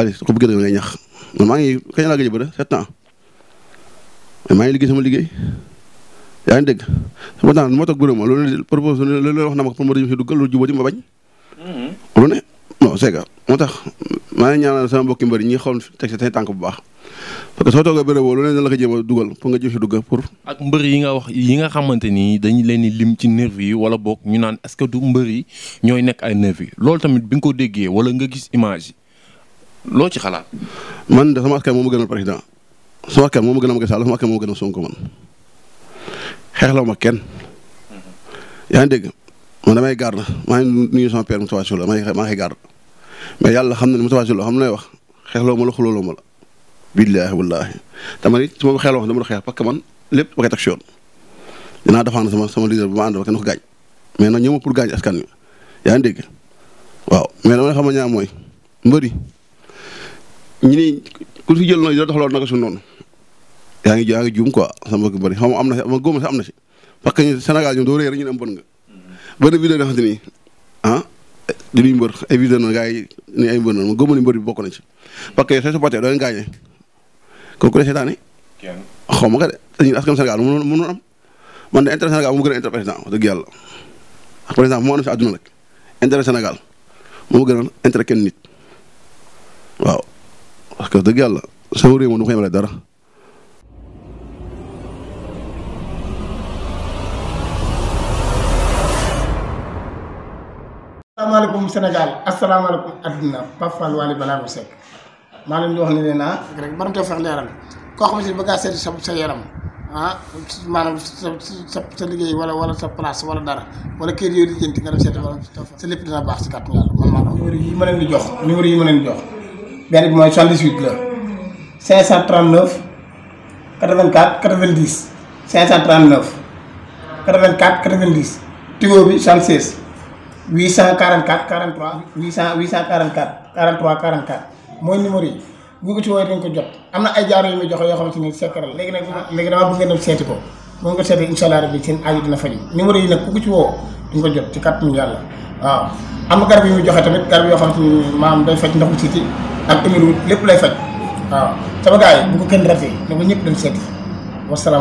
xaalis xub gerte gi lay maa ngi kañ laa gëj a bëre maa ngi liggéey sama liggéey yaa ngi dégg sama moo tax bëre ma loolu proposé loolu wax na ma pour ma dugg si ma bañ. Mm-hmm. lu ne moo tax maa ngi ñaanal sama mbokki mbër ñi xool teg seen tànk bu baax parce que soo toogee bëre loolu ne la ko jéem a dugal pour nga jëf si dugg pour. ak mbër yi nga wax yi nga xamante ni dañu leen di lim ci nervi yi wala boog ñu naan est-ce que du mbër yi ñooy nekk ay nervi loolu tamit bi nga ko déggee wala nga gis image yi loo ci xalaat. man de sama askan moo ma gën a sama askan moo ma gënal Macky Sall sama askan moo ma gënal Sonko man xeexloo ma kenn. yaa ngi dégg man damay garde maa ngi nuyu sama père Moustapha Sylla maa yàlla xam na ne Moustapha Sylla xam na lay wax xeexloo ma la xulóoloo ma la. billaahi wallaahi dama it su ma xeexloo dama doon xeex parce que man lépp ba koy si yoon dinaa defaan sama sama leader bu ma ànd ko gaañ mais nag ñëw ma pour gaañ askan wi waaw mais dama xam ne ñaar mooy mbëri ñu ni ku fi jël noonu yaa ngi yaa ngi juum quoi sama mbokk xam am na si ma góob ma si am na si parce que ñun Sénégal ñun doo am bon nga. benn vidéo yoo xamante ni ah dañuy mbër ay vidéo noonu gars yi ay mbër noonu ma góob ma bokk nañ ci parce que sooy supporté doo leen gaañee kooku xaw ma ko de te ñun askan Sénégal mënoon mënoon man de intérêt Sénégal moo gën a intérêt président wax dëgg yàlla président moo am si àdduna rek intérêt Sénégal moo gën a kenn nit waaw ndax kër dëgg yàlla sama réew moom du ko yemale dara. asalaamaaleykum Sénégal asalaamaaleykum adduna Pape Fall Waly Ballago Seck leen di wax ne leen ah rek mën na too koo xam si bëgg a seeti sa yaram ah maanaam sa sa sa liggéey wala wala sa place wala dara wala kër yooyu di nga dem seeti sa lépp dina baax si kàttan yàlla man yi ma leen di jox numéro yi ma leen di jox benn bi mooy 78 la 539 84 90 539 84 90 tigo bi 76 844 43 800 844 43 44 mooy numéro yi bu ko ci woowee dañ ko jot am na ay jaaro yu muy joxe yoo xamante ni secret la léegi nag léegi dama bëgg ngeen dem seeti ko moom nga seetee incha allah rabbi seen aaju yi nag ku ko ci woo duñ ko jot ci kàttanu yàlla waaw am na garab yu muy joxe tamit garab yoo xamante ni maam day faj ndoxu siiti ak numéro lépp lay faj waaw sama gars bu ko kenn ratee ne ko ñëpp dem seeti wasalaamaaleykum